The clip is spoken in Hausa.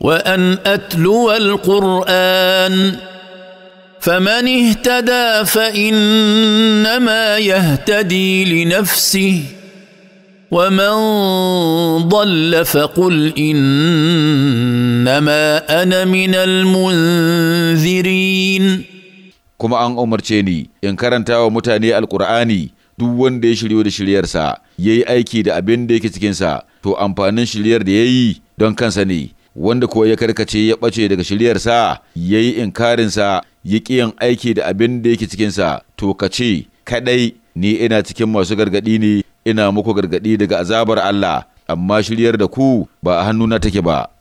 وان اتلو القران فمن اهتدى فانما يهتدي لنفسه ومن ضل فقل انما انا من المنذرين kuma an umarce ni in karanta wa mutane alkur'ani duk wanda ya shiryo da shiryarsa ya yi aiki da abin da yake cikinsa to amfanin shiryar da ya yi don kansa ne wanda kuwa ya karkace ya ɓace daga shiryarsa ya yi inkarinsa ya ƙi yin aiki da abin da yake cikinsa to ka ce kaɗai ni ina cikin masu gargaɗi ne ina muku gargaɗi daga azabar Allah amma shiryar da ku ba a hannuna take ba.